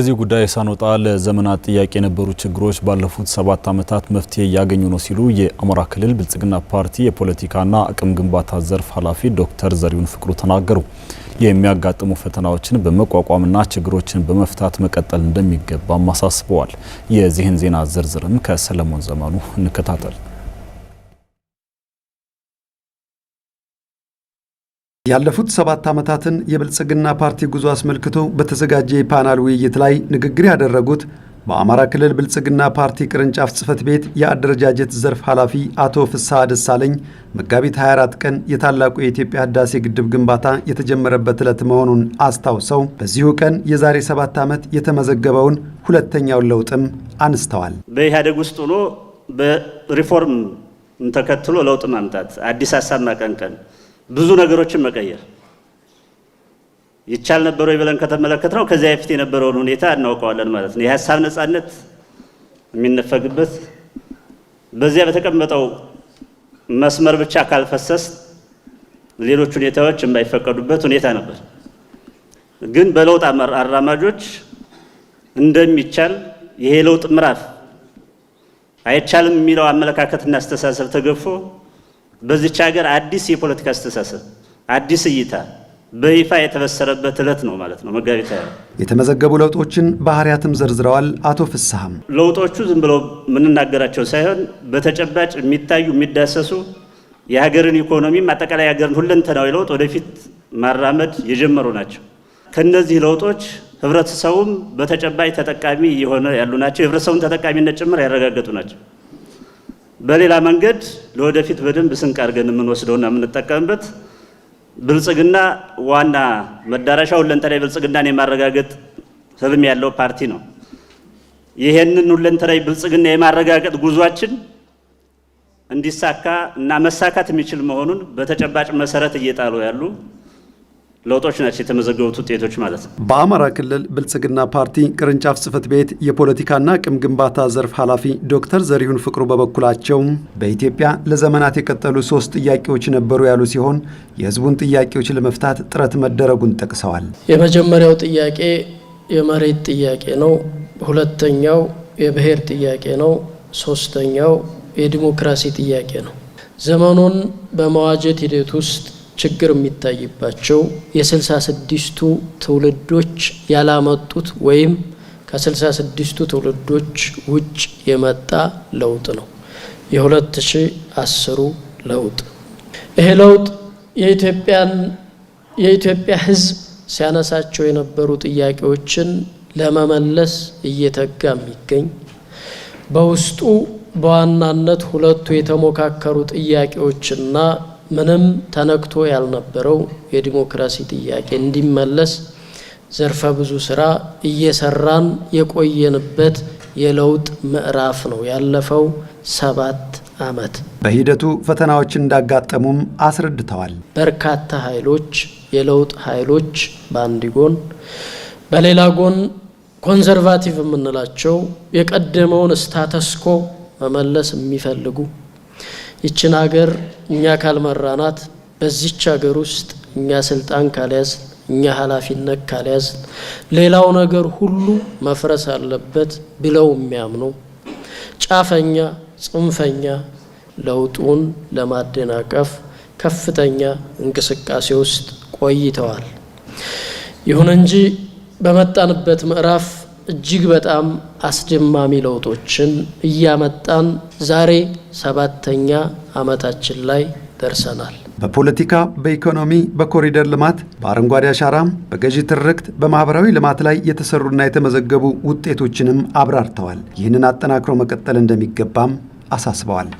በዚህ ጉዳይ ሳንወጣ ለዘመናት ጥያቄ የነበሩ ችግሮች ባለፉት ሰባት ዓመታት መፍትሄ እያገኙ ነው ሲሉ የአማራ ክልል ብልጽግና ፓርቲ የፖለቲካና አቅም ግንባታ ዘርፍ ኃላፊ ዶክተር ዘሪሁን ፍቅሩ ተናገሩ። የሚያጋጥሙ ፈተናዎችን በመቋቋምና ችግሮችን በመፍታት መቀጠል እንደሚገባም አሳስበዋል። የዚህን ዜና ዝርዝርም ከሰለሞን ዘመኑ እንከታተል። ያለፉት ሰባት ዓመታትን የብልጽግና ፓርቲ ጉዞ አስመልክቶ በተዘጋጀ የፓናል ውይይት ላይ ንግግር ያደረጉት በአማራ ክልል ብልጽግና ፓርቲ ቅርንጫፍ ጽህፈት ቤት የአደረጃጀት ዘርፍ ኃላፊ አቶ ፍስሐ ደሳለኝ መጋቢት 24 ቀን የታላቁ የኢትዮጵያ ህዳሴ ግድብ ግንባታ የተጀመረበት ዕለት መሆኑን አስታውሰው በዚሁ ቀን የዛሬ ሰባት ዓመት የተመዘገበውን ሁለተኛውን ለውጥም አንስተዋል። በኢህአደግ ውስጥ ሆኖ በሪፎርም ተከትሎ ለውጥ ማምጣት አዲስ ሀሳብ ማቀንቀን ብዙ ነገሮችን መቀየር ይቻል ነበር ወይ ብለን ከተመለከት ነው ከዚያ በፊት የነበረውን ሁኔታ እናውቀዋለን ማለት ነው። የሀሳብ ነጻነት የሚነፈግበት በዚያ በተቀመጠው መስመር ብቻ ካልፈሰስ ሌሎች ሁኔታዎች የማይፈቀዱበት ሁኔታ ነበር። ግን በለውጥ አራማጆች እንደሚቻል ይሄ ለውጥ ምዕራፍ አይቻልም የሚለው አመለካከትና አስተሳሰብ ተገፎ በዚች ሀገር አዲስ የፖለቲካ አስተሳሰብ አዲስ እይታ በይፋ የተበሰረበት እለት ነው ማለት ነው። መጋቢት የተመዘገቡ ለውጦችን ባህሪያትም ዘርዝረዋል አቶ ፍስሐም። ለውጦቹ ዝም ብለው የምንናገራቸው ሳይሆን በተጨባጭ የሚታዩ የሚዳሰሱ የሀገርን ኢኮኖሚም አጠቃላይ ሀገርን ሁለንተናዊ ለውጥ ወደፊት ማራመድ የጀመሩ ናቸው። ከነዚህ ለውጦች ህብረተሰቡም በተጨባጭ ተጠቃሚ የሆነ ያሉ ናቸው። የህብረተሰቡን ተጠቃሚነት ጭምር ያረጋገጡ ናቸው። በሌላ መንገድ ለወደፊት በደንብ ስንቅ አድርገን የምንወስደውና የምንጠቀምበት ብልጽግና ዋና መዳረሻ ሁለንተናዊ ብልጽግናን የማረጋገጥ ህልም ያለው ፓርቲ ነው። ይሄንን ሁለንተናዊ ብልጽግና የማረጋገጥ ጉዟችን እንዲሳካ እና መሳካት የሚችል መሆኑን በተጨባጭ መሰረት እየጣሉ ያሉ ለውጦች ናቸው የተመዘገቡት ውጤቶች ማለት ነው። በአማራ ክልል ብልጽግና ፓርቲ ቅርንጫፍ ጽህፈት ቤት የፖለቲካና አቅም ግንባታ ዘርፍ ኃላፊ ዶክተር ዘሪሁን ፍቅሩ በበኩላቸው በኢትዮጵያ ለዘመናት የቀጠሉ ሶስት ጥያቄዎች ነበሩ ያሉ ሲሆን የህዝቡን ጥያቄዎች ለመፍታት ጥረት መደረጉን ጠቅሰዋል። የመጀመሪያው ጥያቄ የመሬት ጥያቄ ነው። ሁለተኛው የብሔር ጥያቄ ነው። ሶስተኛው የዲሞክራሲ ጥያቄ ነው። ዘመኑን በመዋጀት ሂደት ውስጥ ችግር የሚታይባቸው የስልሳ ስድስቱ ትውልዶች ያላመጡት ወይም ከስልሳ ስድስቱ ትውልዶች ውጭ የመጣ ለውጥ ነው። የሁለት ሺ አስሩ ለውጥ ይሄ ለውጥ የኢትዮጵያን የኢትዮጵያ ህዝብ ሲያነሳቸው የነበሩ ጥያቄዎችን ለመመለስ እየተጋ የሚገኝ በውስጡ በዋናነት ሁለቱ የተሞካከሩ ጥያቄዎችና ምንም ተነክቶ ያልነበረው የዲሞክራሲ ጥያቄ እንዲመለስ ዘርፈ ብዙ ስራ እየሰራን የቆየንበት የለውጥ ምዕራፍ ነው ያለፈው ሰባት አመት። በሂደቱ ፈተናዎች እንዳጋጠሙም አስረድተዋል። በርካታ ኃይሎች የለውጥ ኃይሎች በአንድ ጎን፣ በሌላ ጎን ኮንዘርቫቲቭ የምንላቸው የቀደመውን ስታተስኮ መመለስ የሚፈልጉ ይችን ሀገር እኛ ካልመራናት በዚች ሀገር ውስጥ እኛ ስልጣን ካልያዝን እኛ ኃላፊነት ካልያዝን ሌላው ነገር ሁሉ መፍረስ አለበት ብለው የሚያምኑ ጫፈኛ፣ ጽንፈኛ ለውጡን ለማደናቀፍ ከፍተኛ እንቅስቃሴ ውስጥ ቆይተዋል። ይሁን እንጂ በመጣንበት ምዕራፍ እጅግ በጣም አስደማሚ ለውጦችን እያመጣን ዛሬ ሰባተኛ ዓመታችን ላይ ደርሰናል። በፖለቲካ፣ በኢኮኖሚ፣ በኮሪደር ልማት፣ በአረንጓዴ አሻራም፣ በገዢ ትርክት፣ በማህበራዊ ልማት ላይ የተሰሩና የተመዘገቡ ውጤቶችንም አብራርተዋል። ይህንን አጠናክሮ መቀጠል እንደሚገባም አሳስበዋል።